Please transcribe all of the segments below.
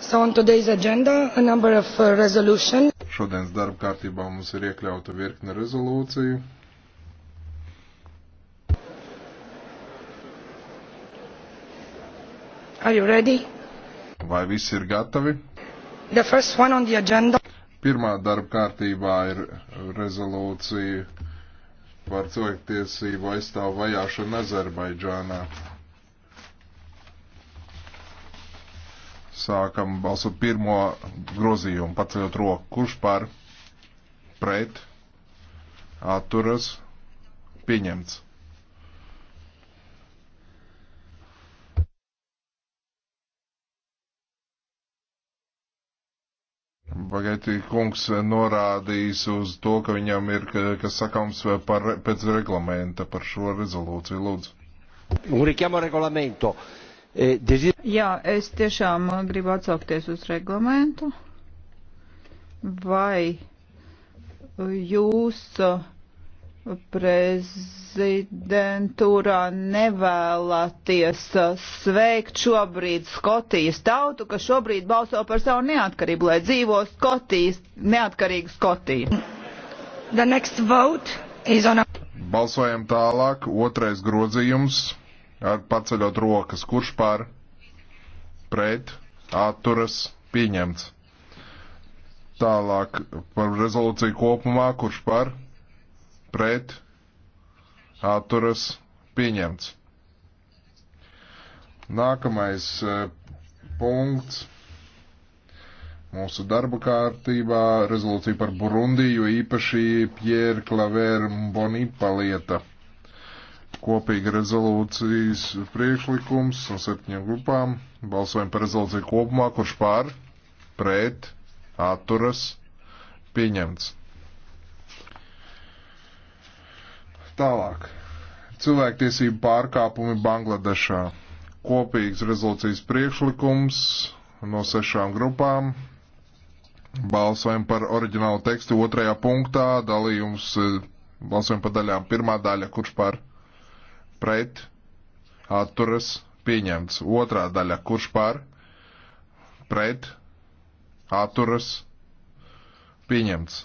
So on today's agenda, a number of uh, resolutions. Šodienas darba kārtībā mums ir iekļauta virkne rezolūciju. Are you ready? Vai visi ir gatavi? The first one on the agenda. Pirmā darba kārtībā ir rezolūcija par cilvēktiesību aizstāvu vajāšanu Azerbaidžānā. Sākam balsot pirmo grozījumu, paceļot roku. Kurš par? Pret? Atturas? Pieņemts. Bagēti kungs norādījis uz to, ka viņam ir, kas sakāms par, pēc reglamenta par šo rezolūciju, lūdzu. Un richiamo regolamento. E, Jā, es tiešām gribu atsaukties uz reglamentu. Vai jūs e, prezidentūrā nevēlaties e, sveikt šobrīd Skotijas tautu, kas šobrīd balso par savu neatkarību, lai dzīvo Skotijas, neatkarīga Skotija? The next vote is on a... Balsojam tālāk. Otrais grozījums paceļot rokas, kurš par, pret, atturas, pieņemts. Tālāk par rezolūciju kopumā, kurš par, pret, atturas, pieņemts. Nākamais e, punkts mūsu darba kārtībā - rezolūcija par Burundiju, īpaši Pierre Klaver Mbonipa lieta kopīga rezolūcijas priekšlikums no septiņām grupām. Balsojam par rezolūciju kopumā, kurš pār, pret, atturas, pieņemts. Tālāk. Cilvēktiesību pārkāpumi Bangladešā. Kopīgs rezolūcijas priekšlikums no sešām grupām. Balsojam par oriģinālu tekstu otrajā punktā, dalījums, eh, balsojam par daļām. Pirmā daļa, kurš par? pret, atturas, pieņemts. Otrā daļa, kurš par, pret, atturas, pieņemts.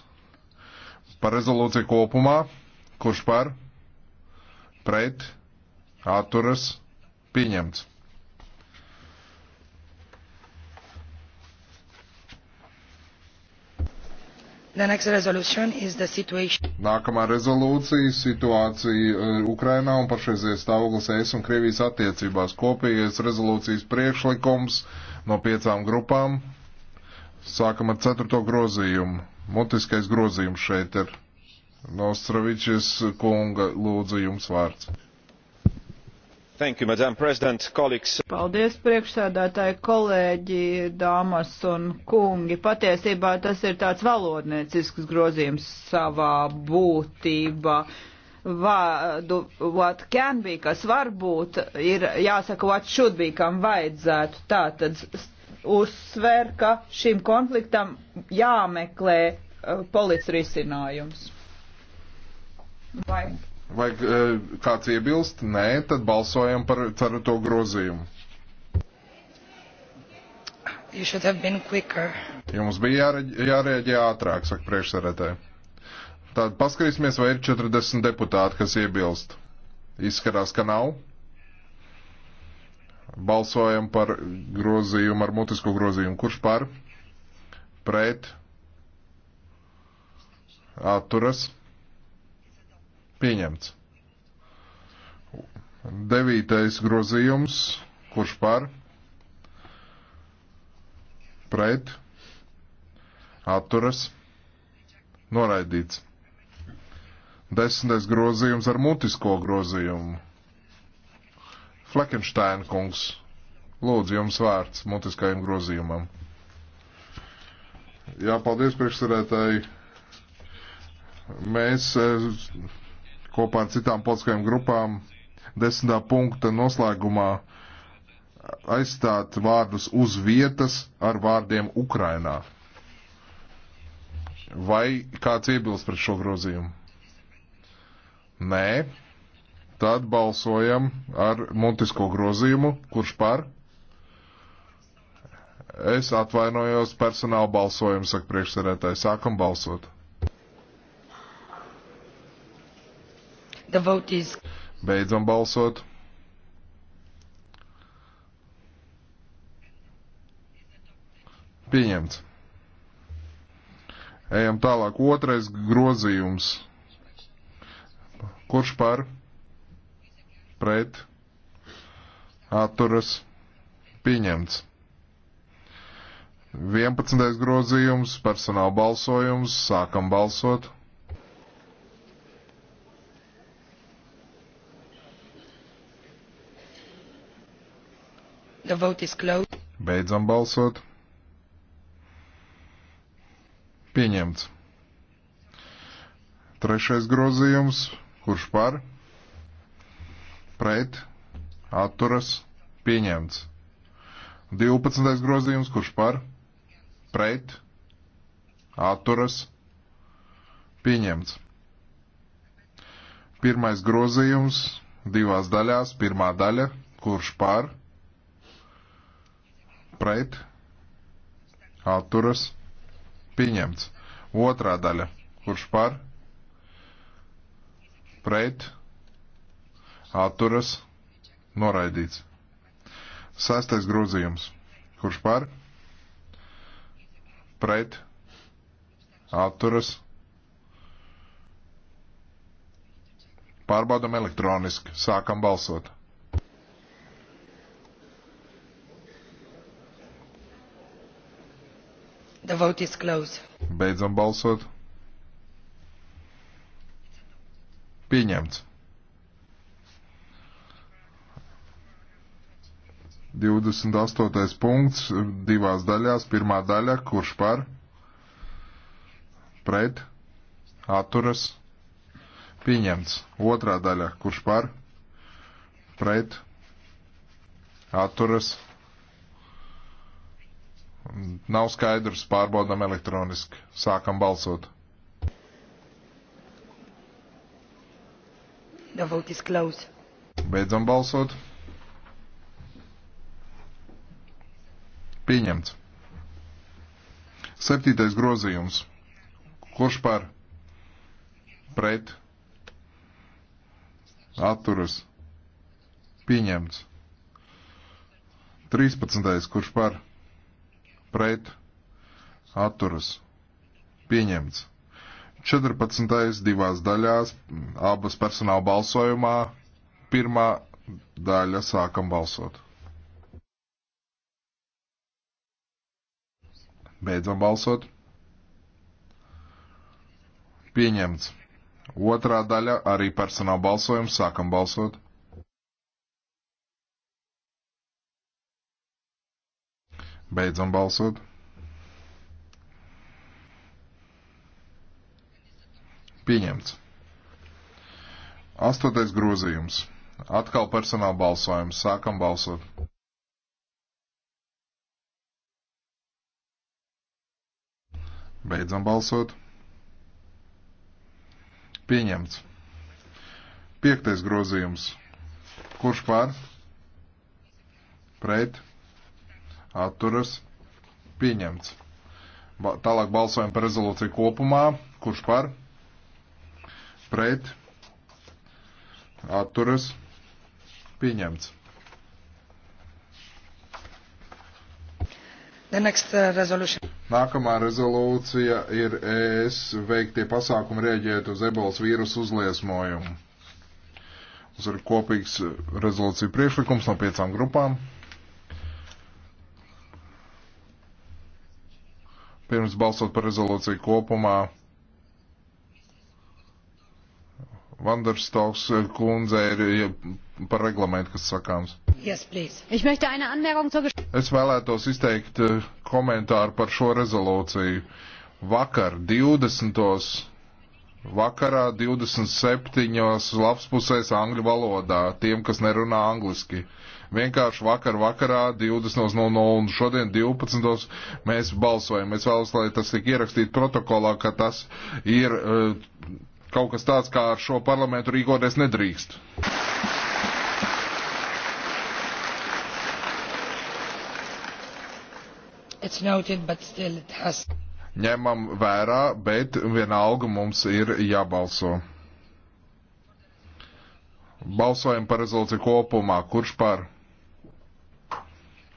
Par rezolūciju kopumā, kurš par, pret, atturas, pieņemts. Nākamā rezolūcija - situācija eh, Ukrainā un pašreizies stāvoklis ES un Krievijas attiecībās. Kopējais rezolūcijas priekšlikums no piecām grupām. Sākam ar ceturto grozījumu. Mutiskais grozījums šeit ir. Nostravičs kunga lūdzu jums vārds. You, Paldies, priekšsēdētāji, kolēģi, dāmas un kungi. Patiesībā tas ir tāds valodniecisks grozījums savā būtībā. Vārdu what can be, kas var būt, ir jāsaka what should be, kam vajadzētu. Tātad uzsver, ka šim konfliktam jāmeklē uh, eh, polits risinājums. Vai? Vai eh, kāds iebilst? Nē, tad balsojam par ceruto grozījumu. Jums bija jārēģē, jārēģē ātrāk, saka priekšsarētāji. Tad paskatīsimies, vai ir 40 deputāti, kas iebilst. Izskatās, ka nav. Balsojam par grozījumu ar mutisko grozījumu. Kurš par? Pret? Atturas? Pieņemts. Devītais grozījums, kurš par, pret, atturas, noraidīts. Desmitais grozījums ar mutisko grozījumu. Fleckensteina kungs, lūdzu jums vārds mutiskajam grozījumam. Jā, paldies priekšsarētāji. Mēs eh, kopā ar citām politiskajām grupām desmitā punkta noslēgumā aizstāt vārdus uz vietas ar vārdiem Ukrainā. Vai kāds iebilst pret šo grozījumu? Nē. Tad balsojam ar mutisko grozījumu. Kurš par? Es atvainojos, personāla balsojumu, saka priekšsarētāji. Sākam balsot. The vote is... Beidzam balsot. Pieņemts. Ejam tālāk. Otrais grozījums. Kurš par? Pret. Atturas. Pieņemts. 11. grozījums. Personāla balsojums. Sākam balsot. The vote is closed. Beidzam balsot. Pieņemts. Trešais grozījums. Kurš par? Pret. Atturas. Pieņemts. 12. grozījums. Kurš par? Pret. Atturas. Pieņemts. Pirmais grozījums divās daļās. Pirmā daļa. Kurš par? pret, atturas, pieņemts. Otrā daļa, kurš par, pret, atturas, noraidīts. Sastais grozījums, kurš par, pret, atturas, pārbaudam elektroniski, sākam balsot. The vote is closed. Beidzam balsot. Pieņemts. 28. punkts divās daļās. Pirmā daļa, kurš par, pret, atturas, pieņemts. Otrā daļa, kurš par, pret, atturas, pieņemts Nav skaidrs, pārbaudam elektroniski. Sākam balsot. The vote is closed. Beidzam balsot. Pieņemts. Septītais grozījums. Kurš par? Pret? Atturas? Pieņemts. Trīspadsmitais. Kurš par? pret atturas pieņemts. 14. divās daļās, abas personāla balsojumā, pirmā daļa sākam balsot. Beidzam balsot. Pieņemts. Otrā daļa arī personāla balsojums sākam balsot. Beidzam balsot. Pieņemts. Astotais grozījums. Atkal personāla balsojums. Sākam balsot. Beidzam balsot. Pieņemts. Piektais grozījums. Kurš pār? Pret atturas pieņemts. Ba tālāk balsojam par rezolūciju kopumā. Kurš par? Pret. Atturas. Pieņemts. The next uh, resolution. Nākamā rezolūcija ir ES veiktie pasākumi rēģēt uz ebolas vīrusu uzliesmojumu. Mums ir kopīgs uh, rezolūcija priekšlikums no piecām grupām. Pirms balsot par rezolūciju kopumā, Vanderstoks kundze ir par reglamentu, kas sakāms. Yes, es vēlētos izteikt eh, komentāru par šo rezolūciju. Vakar 20 vakarā 27. lapspusēs angļu valodā tiem, kas nerunā angliski. Vienkārši vakar vakarā 20.00 un šodien 12. mēs balsojam. Es vēlos, lai tas tiek ierakstīts protokolā, ka tas ir uh, kaut kas tāds, kā ar šo parlamentu rīkoties nedrīkst. It's noted, but still it has ņemam vērā, bet vienalga mums ir jābalso. Balsojam par rezolūciju kopumā. Kurš par?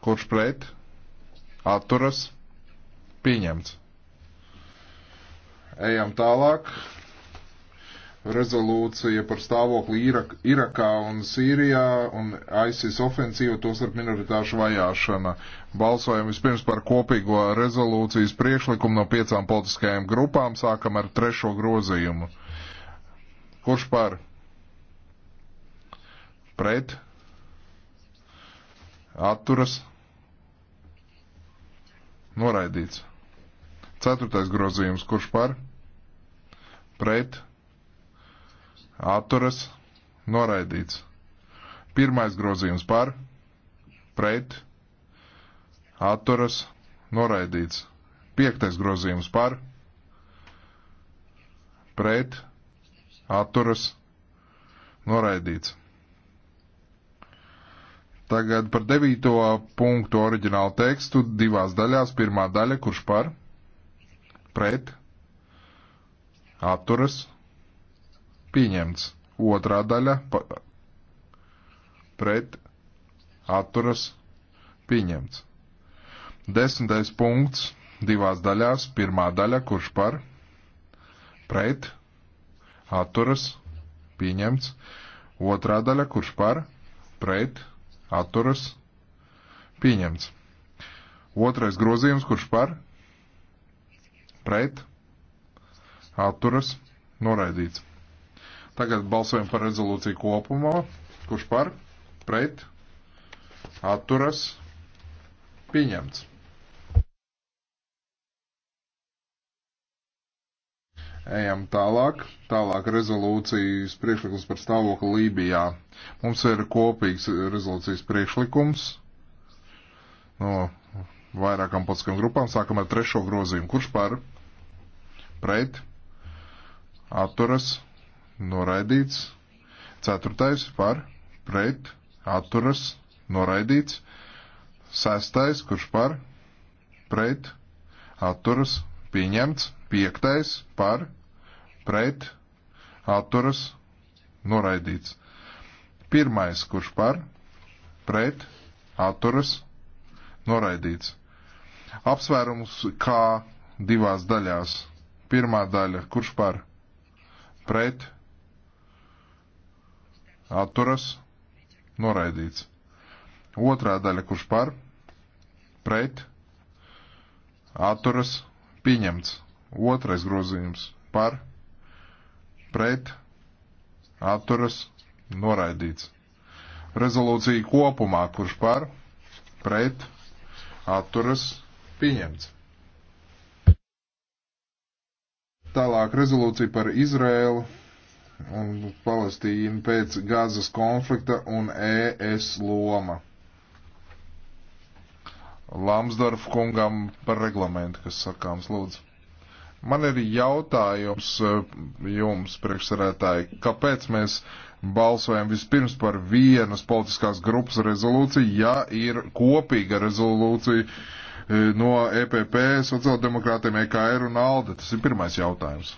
Kurš pret? Atturas? Pieņemts. Ejam tālāk rezolūcija par stāvokli Irak, Irakā un Sīrijā un ISIS ofensīvu, tostarp minoritāšu vajāšana. Balsojam vispirms par kopīgo rezolūcijas priekšlikumu no piecām politiskajām grupām, sākam ar trešo grozījumu. Kurš par? Pret? Atturas? Noraidīts. Ceturtais grozījums. Kurš par? Pret? atturas, noraidīts. Pirmais grozījums par, pret, atturas, noraidīts. Piektais grozījums par, pret, atturas, noraidīts. Tagad par devīto punktu oriģinālu tekstu divās daļās. Pirmā daļa, kurš par, pret, atturas, pieņemts. Otrā daļa pa, pret atturas pieņemts. Desmitais punkts divās daļās. Pirmā daļa, kurš par pret atturas pieņemts. Otrā daļa, kurš par pret atturas pieņemts. Otrais grozījums, kurš par pret atturas noraidīts. Tagad balsojam par rezolūciju kopumā. Kurš par? Pret? Atturas? Pieņemts. Ejam tālāk. Tālāk rezolūcijas priekšlikums par stāvokli Lībijā. Mums ir kopīgs rezolūcijas priekšlikums no vairākām politiskām grupām. Sākam ar trešo grozījumu. Kurš par? Pret? Atturas? noraidīts. Ceturtais par, pret, atturas, noraidīts. Sestais, kurš par, pret, atturas, pieņemts. Piektais par, pret, atturas, noraidīts. Pirmais, kurš par, pret, atturas, noraidīts. Apsvērums kā divās daļās. Pirmā daļa, kurš par, pret, atturas, noraidīts. Otrā daļa, kurš par, pret, atturas, pieņemts. Otrais grozījums par, pret, atturas, noraidīts. Rezolūcija kopumā, kurš par, pret, atturas, pieņemts. Tālāk rezolūcija par Izraēlu un Palestīnu pēc Gazas konflikta un ES loma. Lamsdorf kungam par reglamentu, kas sakāms, lūdzu. Man ir jautājums eh, jums, priekšsarētāji, kāpēc mēs balsojam vispirms par vienas politiskās grupas rezolūciju, ja ir kopīga rezolūcija eh, no EPP, sociāldemokrātiem, EKR un ALDE? Tas ir pirmais jautājums.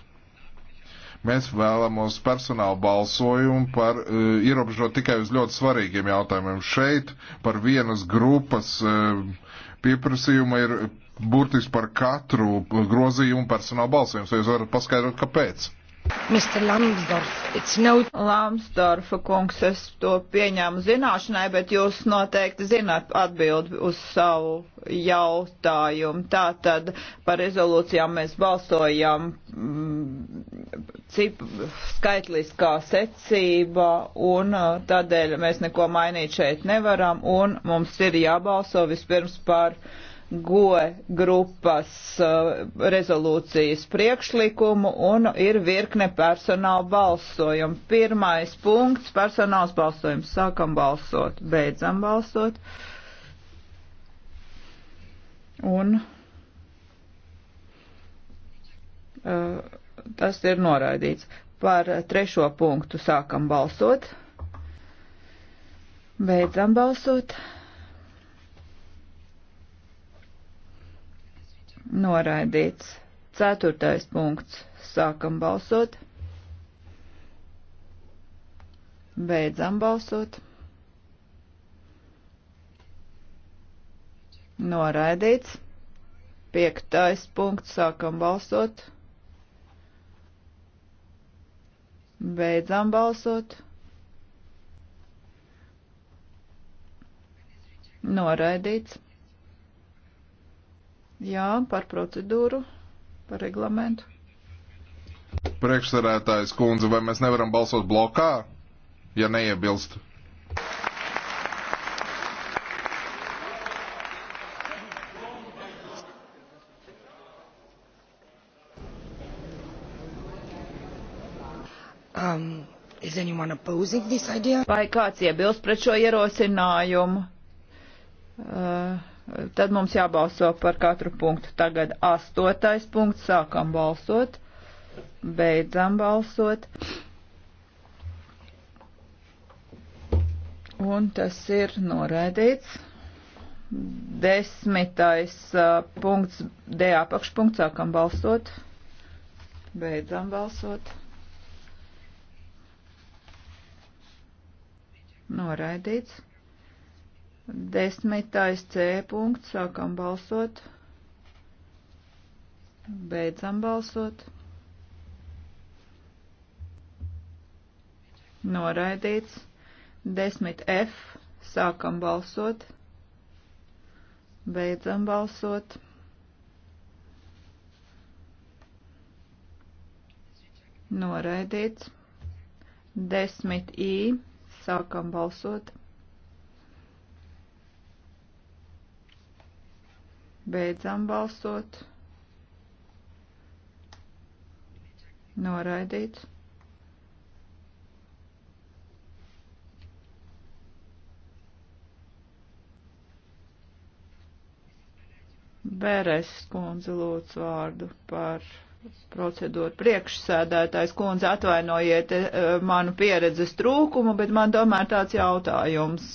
Mēs vēlamos personālu balsojumu par uh, ierobežot tikai uz ļoti svarīgiem jautājumiem. Šeit par vienas grupas uh, eh, pieprasījuma ir burtiski par katru grozījumu personālu balsojumu. Jūs varat paskaidrot, kāpēc? Mr. Lambsdorf, it's no... Lambsdorfa kungs, es to pieņēmu zināšanai, bet jūs noteikti zināt atbildi uz savu jautājumu. Tātad par rezolūcijām mēs balsojam mm, cip, skaitliskā secībā, un tādēļ mēs neko mainīt šeit nevaram, un mums ir jābalso vispirms par GOE grupas rezolūcijas priekšlikumu, un ir virkne personāla balsojumu. Pirmais punkts - personāls balsojums. Sākam balsot, beidzam balsot. Un, uh, tas ir noraidīts. Par trešo punktu sākam balsot. Beidzam balsot. Noraidīts. Ceturtais punkts. Sākam balsot. Beidzam balsot. Noraidīts. Piektais punkts. Sākam balsot. Beidzam balsot. Noraidīts. Jā, par procedūru, par reglamentu. Priekšsarētājs kundze, vai mēs nevaram balsot blokā, ja neiebilst? Vai kāds iebilst pret šo ierosinājumu? Uh, tad mums jābalso par katru punktu. Tagad astotais punkts. Sākam balsot. Beidzam balsot. Un tas ir noraidīts. Desmitais uh, punkts, D apakšpunkts, sākam balsot. Beidzam balsot. Noraidīts. Desmitais C punkts. Sākam balsot. Beidzam balsot. Noraidīts. Desmit F. Sākam balsot. Beidzam balsot. Noraidīts. Desmit I Sākam balsot. Beidzam balsot. Noraidīts. Beres kundze lūdz vārdu par procedūra priekšsēdētājs kundze atvainojiet eh, manu pieredzes trūkumu, bet man tomēr tāds jautājums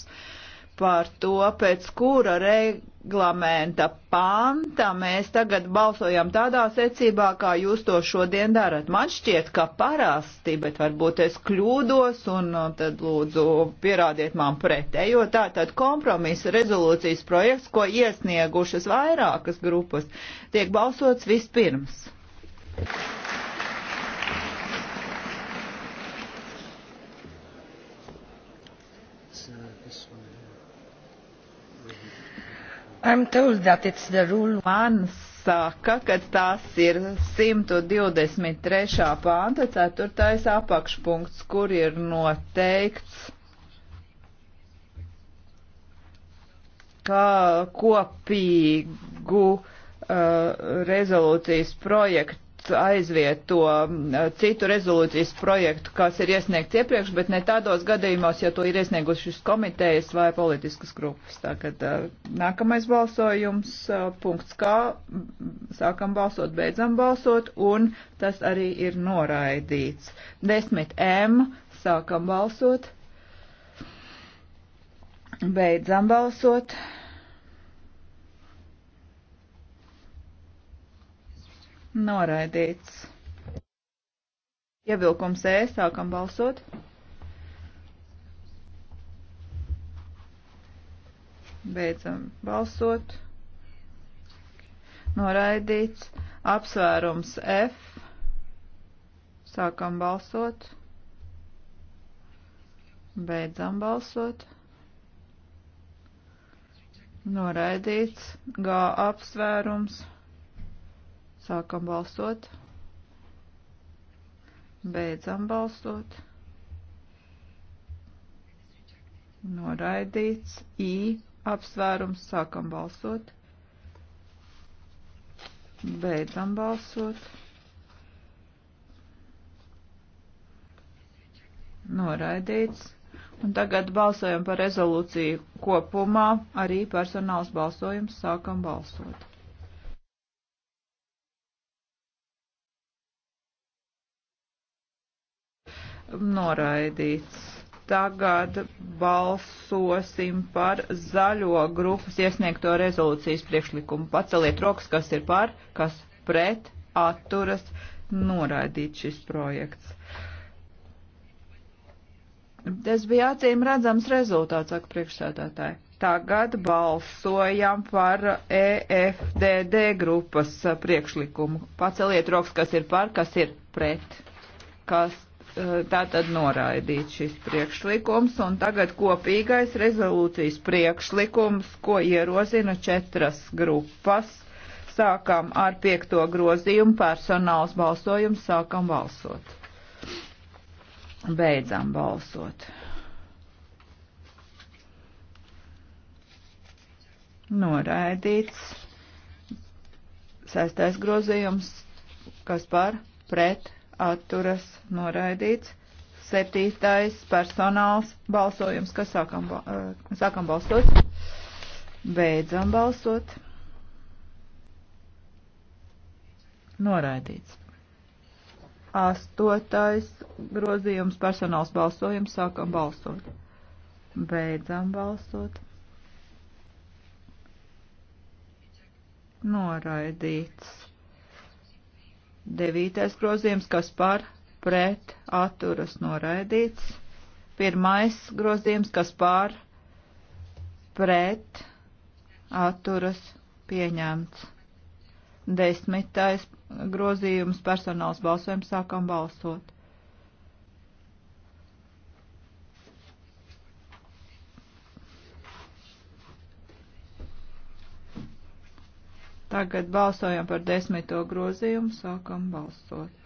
par to, pēc kura reglamenta panta mēs tagad balsojam tādā secībā, kā jūs to šodien darat. Man šķiet, ka parasti, bet varbūt es kļūdos un uh, tad lūdzu pierādiet man pretējo. Tā tad kompromisa rezolūcijas projekts, ko iesniegušas vairākas grupas, tiek balsots vispirms. Man saka, ka tas ir 123. pānta 4. apakšpunkts, kur ir noteikts, ka kopīgu uh, rezolūcijas projektu aizvieto citu rezolūcijas projektu, kas ir iesniegts iepriekš, bet ne tādos gadījumos, ja to ir iesniegušas komitejas vai politiskas grupas. Tagad nākamais balsojums, punkts kā, sākam balsot, beidzam balsot, un tas arī ir noraidīts. 10 M, sākam balsot, beidzam balsot. Noraidīts. Ievilkums E. Sākam balsot. Beidzam balsot. Noraidīts. Apsvērums F. Sākam balsot. Beidzam balsot. Noraidīts. G apsvērums. Sākam balsot. Beidzam balsot. Noraidīts. I apsvērums. Sākam balsot. Beidzam balsot. Noraidīts. Un tagad balsojam par rezolūciju kopumā. Arī personāls balsojums. Sākam balsot. noraidīts. Tagad balsosim par zaļo grupas iesniegto rezolūcijas priekšlikumu. Paceliet rokas, kas ir par, kas pret, atturas, noraidīt šis projekts. Tas bija acīm redzams rezultāts, saka priekšsēdētāji. Tagad balsojam par EFDD grupas priekšlikumu. Paceliet rokas, kas ir par, kas ir pret, kas Eh, tā tad noraidīt šis priekšlikums, un tagad kopīgais rezolūcijas priekšlikums, ko ierozina četras grupas. Sākam ar piekto grozījumu, personāls balsojums, sākam balsot. Beidzam balsot. Noraidīts. Sestais grozījums, kas par pret atturas noraidīts. Septītais personāls balsojums, kas sākam, sākam balsot, beidzam balsot. Noraidīts. Astotais grozījums personāls balsojums, sākam balsot, beidzam balsot. Noraidīts Devītais grozījums, kas par pret atturas noraidīts. Pirmais grozījums, kas par pret atturas pieņemts. Desmitais grozījums personāls balsojums sākam balsot. Tagad balsojam par desmito grozījumu, sākam balsot.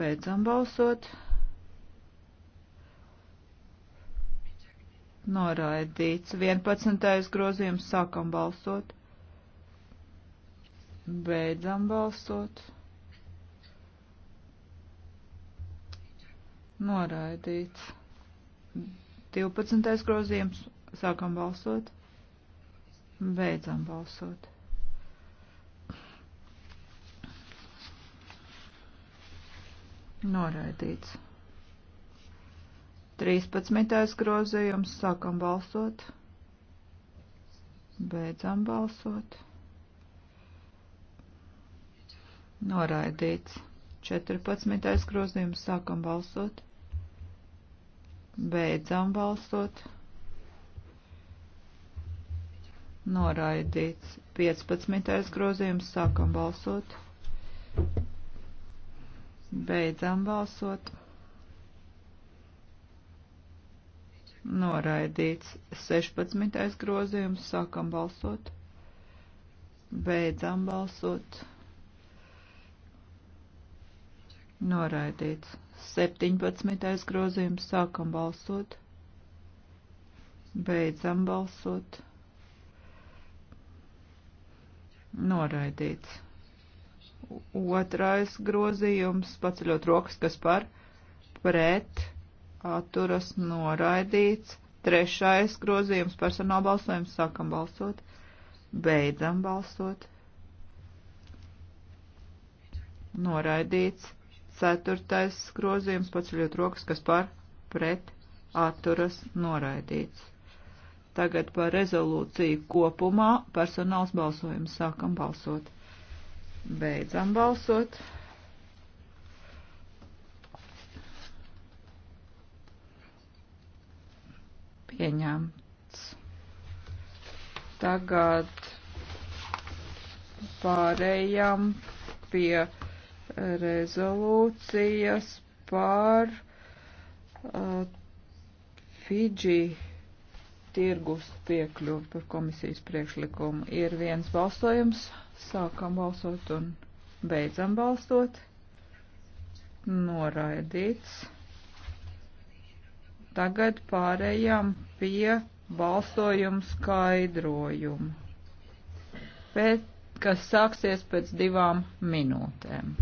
Beidzam balsot. Noraidīts. 11. grozījums, sākam balsot. Beidzam balsot. Noraidīts. 12. grozījums, sākam balsot. Beidzam balsot. Noraidīts. 13. grozījums. Sākam balsot. Beidzam balsot. Noraidīts. 14. grozījums. Sākam balsot. Beidzam balsot. Noraidīts. 15. grozījums. Sākam balsot. Beidzam balsot. Noraidīts 16. grozījums. Sākam balsot. Beidzam balsot. Noraidīts 17. grozījums. Sākam balsot. Beidzam balsot. Noraidīts Otrais grozījums, paceļot rokas, kas par pret atturas noraidīts. Trešais grozījums, personāla balsojums, sākam balsot, beidzam balsot. Noraidīts. Ceturtais grozījums, paceļot rokas, kas par pret atturas noraidīts. Tagad par rezolūciju kopumā personāls balsojums sākam balsot. Beidzam balsot. Pieņemts. Tagad pārējām pie rezolūcijas par uh, Fidži tirgus piekļuvi par komisijas priekšlikumu. Ir viens balsojums, sākam balsot un beidzam balsot. Noraidīts. Tagad pārējām pie balsojuma skaidrojumu, pēc, kas sāksies pēc divām minūtēm.